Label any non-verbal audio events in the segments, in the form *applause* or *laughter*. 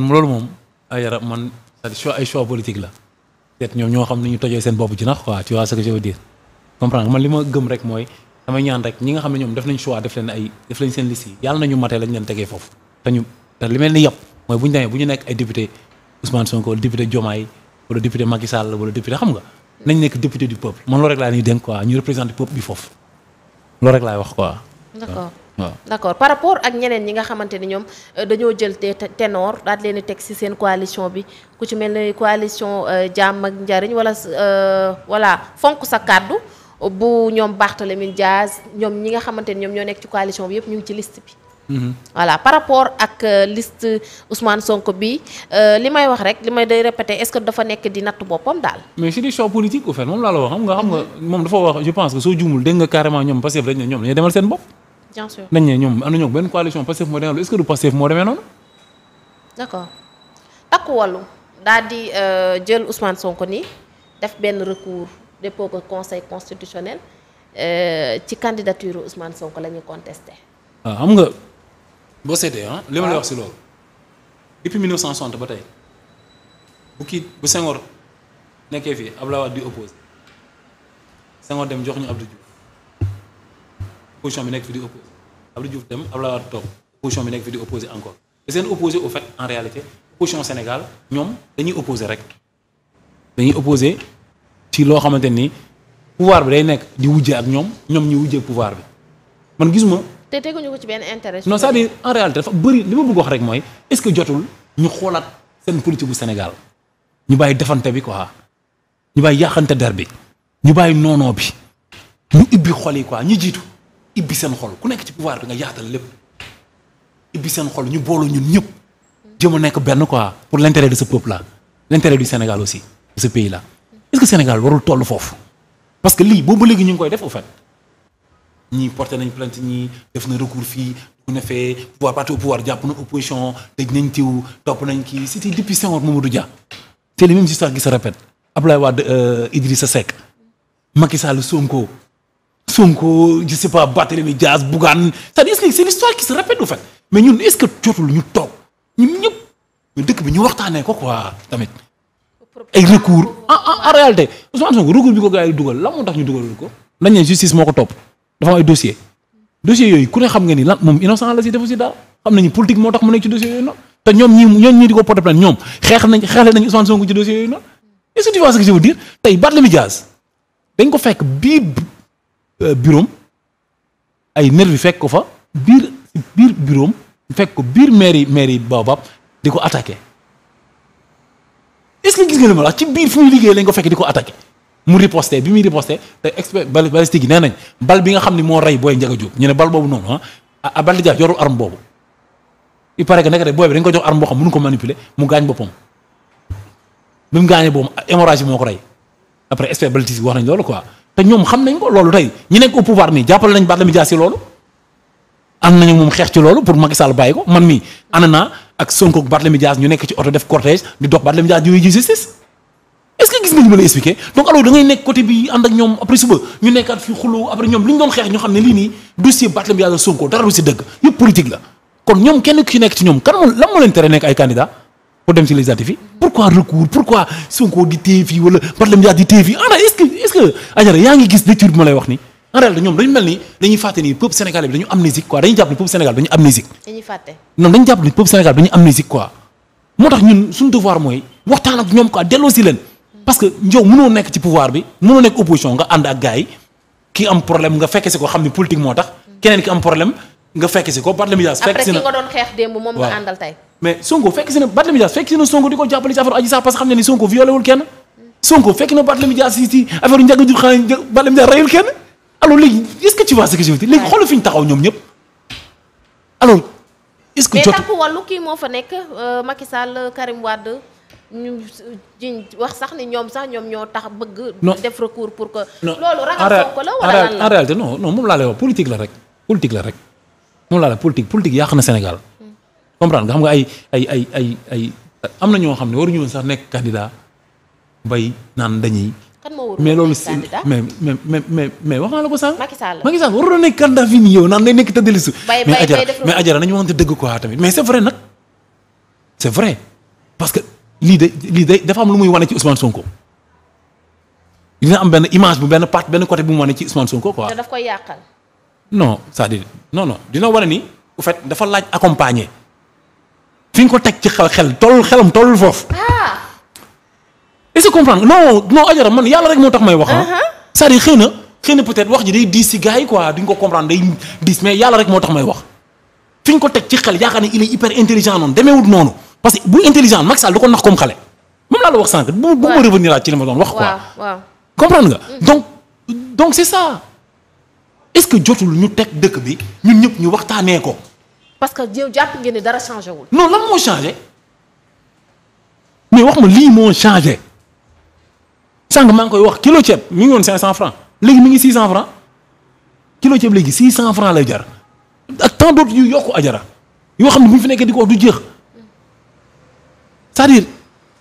man loolu moom ay yara man c'est ay choix politique la peut ñoom ñoo xam ni ñu tojee seen bopp ji nax quoi tu vois ce que je veux dire comprendre man li ma gëm rek mooy damay ñaan rek ñi nga xam ne ñoom def nañ choix def leen ay def lañ seen liste yi yàlla nañu matee lañ leen tegee foofu te ñu te li mel ni yàpp mooy bu ñu demee bu ñu nekk ay député Ousmane Sonko wala député Diomaye wala député Macky Sall wala député xam nga nañ nekk député du peuple man loolu rek ñu représenter peuple bi foofu loolu rek laay wax quoi d'accord waaw d'accord par rapport ak ñeneen ñi nga xamante ni ñoom euh, dañoo jël te ténor daal leen di teg ci seen coalition bi ku ci mel ni coalition euh, jàmm ak njariñ wala euh, voilà fonk sa kàddu bu ñoom Barthélémy Dias ñoom ñi nga xamante ñoom ñoo nekk ci coalition bi yëpp ñu ngi ci liste bi. Mm-hmm. voilà par rapport ak liste Ousmane Sonko bi li may wax demal seen bopp. bien nañ ne ñoom am nañoo benn coalition Pastef moo demee est-ce que du moo demee noonu. d'accord takku wàllu daal euh, jël Ousmane Sonko nii def benn recours dépôt ko conseil constitutionnel euh, ci candidature Ousmane Sonko la ñuy contesté. Ah, xam nga boo seetee ah, li ma la wax si loolu. depuis 1960 ba tey bu kii bu Senghor nekkee fii Abdoulaye Wade di opposé Senghor dem jox ñu Abdou Diouf. opposition bi nekk fi di opposé Abdou Diouf dem Abdoulaye Wade toog opposition bi nekk fi di opposé encore te seen opposé au fait en réalité opposition Sénégal ñoom dañuy opposé rek dañuy opposé ci loo xamante ni pouvoir bi day nekk di wujje ak ñoom ñoom ñu wujje pouvoir bi man gis gisuma. te teguñu ko ci benn intérêt. non c'est-à-dire en réalité dafa bëri li ma bëgg wax rek mooy est-ce que jotul ñu xoolaat seen politique bu Sénégal ñu bàyyi defante bi quoi ñu bàyyi yàqante der bi ñu bàyyi noonoo bi ñu ibbi xol yi ñu jiitu. ibbi seen xol ku nekk ci pouvoir bi nga yaatal lépp ibbi seen xol ñu boolu ñun ñëpp jéem a nekk benn quoi pour l' intérêt de ce peuple là du Sénégal aussi de ce pays là est ce Sénégal warul toll foofu parce que lii boobu léegi ñu ngi koy def au fait ñii porté nañ plainte ñii def na recours fii bu ne fee pouvoir parti pouvoir jàpp na opposition tëj nañ tiw topp nañ kii c'était depuis Senghor Mamadou Dia c'est les mêmes histoires qui se répètent Abdoulaye Wade euh, Idrissa Seck Macky Sall Sonko Sonko je sais pas Barthélémy Dias Bougane c'est-à-dire c'est l'histoire qui se répète au fait mais ñun est jotul ñu toog ñun ñëpp dëkk bi ñu waxtaanee ko quoi tamit. ay recours en en réalité Ousmane Sonko recours bi ko gars yi dugal lan moo tax ñu dugalul ko. nañ ne justice moo ko topp dafa am ay dossier dossier yooyu ni lan moom innocent la si defu si dara xam nañu politique moo tax mu nekk ci dossier yooyu noonu te ñoom ñii di ko porter plainte ñoom xeexle nañu Ousmane Sonko ci dossier yooyu noonu est-ce que tu ko fekk bii. Euh, bureau ay nervi fekk ko fa biir biir bureau fekk ko biir mairie mairie Baobab di ko attaqué est-ce que gis ma la ci biir fu liggéey lañ ko fekk di ko mu riposté bi muy riposté te expert balistique yi nee nañ bal bi nga xam ne moo rey booy Ndiaga Diop ñu ne bal boobu noonu ah ah bal di jaax boobu il paraît que nekk de booy bi dañ ko jox arme boo xam mënu ko manipuler mu gaañ boppam bi mu gaañee boobu hémorragie moo ko rey après expert balistique wax nañ loolu quoi. te ñoom xam nañ ko loolu tey ñu nekk au pouvoir nii jàppale nañ Barthélémy Dias si loolu am ñu moom xeex ci loolu pour Macky Sall bàyyi ko man mii ana naa ak Sonko ak Barthélémy Dias ñu nekk ci oto def cortège di dox Barthélémy Dias di ji justice est-ce que gis nga ñu donc alors da nekk côté bi ànd ak ñoom après suba ñu nekkaat fi xuloo après ñoom li ñu xeex ñoo xam ne lii nii dossier Barthélémy Dias ak Sonko dara du si dëgg yëpp politique la kon ñoom kenn ku ci nekk ci ñoom kan moo lan tere nekk ay candidat pour dem si législatif yi pourquoi recours pourquoi Sonko di téye fii wala di téye fii est-ce que est yaa ngi gis lecture bi ma lay wax nii en dañu mel ni dañuy fàtte ni peuple sénégalais bi dañu amnésique quoi dañuy jàpp ni peuple sénégal dañu dañu jàpp ni peuple moo tax ñun suñu devoir mooy waxtaan ak ñoom quoi delloo si leen parce que yow mënoo nekk ci pouvoir bi mënoo nekk opposition nga ànd ak gars yi ki am problème nga fekke si ko xam ni politique moo tax keneen ki am problème nga fekke si mais Sonko fekk si na Barthélémy Dias fekk si na Sonko di ko jàppale ci affaire Adji Sarr parce que xam ne ni Sonko violé kenn Sonko fekk na Barthélémy Dias si si affaire u njàgg jur xanaa Barthélémy Dias reyul kenn alors léegi est-ce fi ñu taxaw ñoom ñëpp alors est que jot mais takku kii moo fa nekk euh, Macky Sall Karim Wade ñu jiñ wax sax ni ñoom sax ñoom ñoo tax bëgg def recours pour que loolu ragal Sonko la wala lan en réalité non moom laa wax politique la rek politique la rek moom laa la yàq na Sénégal comprendre nga xam nga ay ay ay ay ay am na ñoo xam ne waruñu woon sax nekk candidat bay naan dañuy. kan moo warul mais loolu si mais mais mais mais wax naa la ko sànq. Macky Sall Macky Sall nekk candidat fii nii yow naan day nekk tëddali su. bay bay bay def mais Adjara nañu waxante dëgg parce que lii de lii de dafa am lu muy wane ci Ousmane Sonko. dina am benn image bu benn part benn côté bu mu wane ci Ousmane Sonko ko te daf koy yàqal. non cest à non non dina wane ni. au fait dafa laaj accompagner. fi nga ko teg ci xel xel toll xelam tollul foofu. Ah. est-ce que comprendre non non Adjara man yàlla rek moo tax may wax ah. Uh-huh. cest xëy na xëy na peut wax ji day diis si yi quoi duñ ko comprendre day diis mais yàlla rek moo tax may wax. fi ko teg ci xel yaakaar ne il est hyper intelligent noonu demeewul noonu parce que bu intelligent Macky ko nax comme xale. la wax sànq. bu bu ma revenir ci li ma doon wax quoi. nga. Mm-hmm. donc donc c'est ça est-ce que jotul ñu teg dëkk bi ñun ñëpp ñu waxtaanee ko. parce que yow jàpp ngeen ne dara changé wul. non lan moo changé mais wax ma lii moo changé sànq maa ngi koy wax kilo ceeb mi ngi woon cent francs léegi mi ngi 600 francs kilo ceeb léegi cent francs lay jar ak tant d'autres yu a ajara yoo xam ne mu ñu fi nekkee di ko wax du jeex c'est-à-dire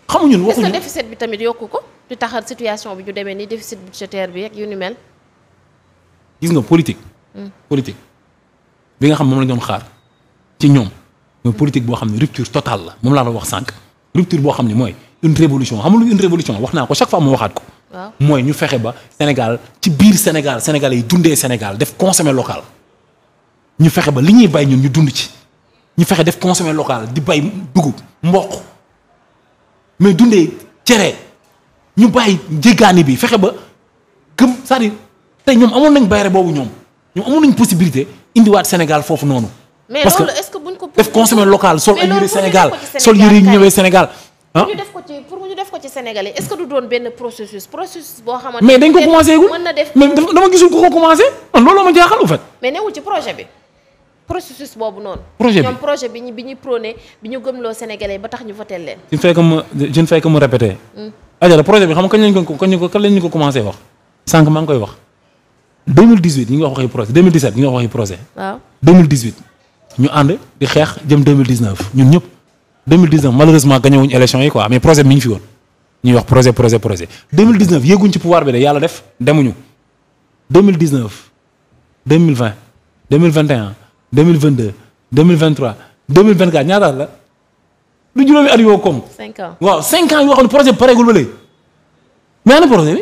xamuñu ñun waxuñu. est-ce bi tamit yokku ko di taxal situation bi ñu demee ni déficit budgétaire bi ak yu ni nga politique. Hmm. politique bi nga xam moom la ñu doon xaar. ci ñoom mooy politique boo xam ne rupture totale la moom laa doon wax sànq rupture boo xam ni mooy une révolution xamul une révolution wax naa ko chaque fois mu waxaat ko. mooy ñu fexe ba Sénégal ci biir Sénégal Sénégalais yi dundee Sénégal def consommer local ñu fexe ba li ñuy bay ñun ñu dund ci ñu fexe def consommer local di bay dugub mboq mais dundee cere ñu bàyyi jéggaani bi fexe ba gëm cest à tey ñoom amoon nañ bayre boobu ñoom ñoom amoon nañ possibilité indiwaat Sénégal foofu noonu. mais loolu est-ce que buñ ko def consommer local sol ay yëre Sénégal sol yëre ñëwee Sénégal ah? benn processus processus boo xamante mais dañ ko commencé gul mais dama ko ko noonu projet bi projet bi ñu bi ñu prôné bi tax ñu votel leen je ne fais que me je ne fais que me hmm. wax sànq maa ngi koy wax 2018 ñu ngi wax ñu ngi wax waxi projet waaw 2018 ñu ànd di xeex jëm 2019 ñun ñëpp 2019 malheureusement gagné wuñ élection yi quoi mais projet mi ngi fi woon ñuy wax projet projet projet 2019 yéeguñ ci pouvoir bi de yàlla def demuñu 2019 2020 2021 2022 2023 2024 ñaata la lu juróomi at yoo koom. 5 ans waaw 5 ans yoo xam projet bi pareegul ba léegi mais ana projet bi.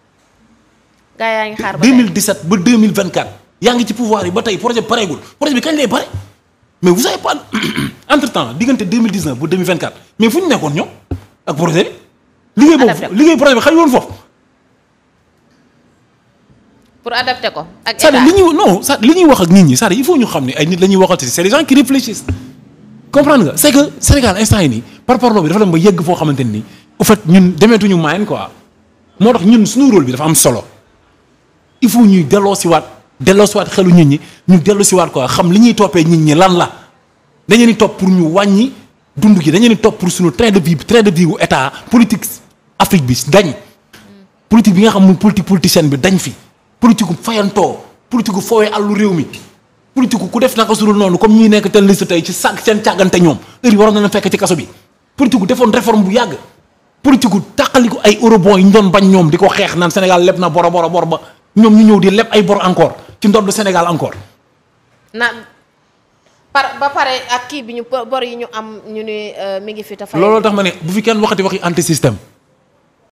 gaa yaa ngi xaar ba 2017 ba 2024 yaa ngi ci pouvoir yi ba tey projet pareegul projet bi kañ lay pare mais vous savez pas *clears throat* entre temps diggante ba 2024 mais fu ñu nekkoon ñoom ak projet bi. liggéey boobu liggéey projet bi xëy woon foofu. pour adapter ko ak état c'est-à-dire li ñuy non li ñuy ak nit ñi c'est-à-dire ñu xam ne ay nit la ñuy waxal ci c'est des gens qui réfléchissent. comprendre nga c'est que Sénégal instant yi nii par parlo bi dafa dem ba yegg foo xamante ni au fait ñun demeetuñu maayen quoi moo tax ñun suñu rôle bi dafa am solo. il faut ñuy delloosiwaat delloosiwaat xelu nit ñi ñu siwaat quoi xam li ñuy toppee nit ñi lan la dañu ni topp pour ñu wàññi dund gi dañu ni topp pour suñu train de vie train de vie wu état politique Afrique bi dañ. politique bi nga xam muy politique politicienne bi dañ fi politique gu fayantoo politique gu foowee àllu réew mi. politique ku def naka sudul noonu comme ñuy nekk te liste tey ci sàgg seen càggante ñoom heure yi waroon na leen fekk ci kaso bi politique defoon réforme bu yàgg politique tàqaliku bañ ñoom di ko xeex naan Sénégal lépp na boro boro bor ba ñoom ñu ñëw di leb ay bor encore ci ndoddu Sénégal encore. na par ba pare ak kii bi ñu bor yi ñu am ñu ne euh, mi ngi fi. looloo tax ma ne bu fi kenn waxati waxi anti système.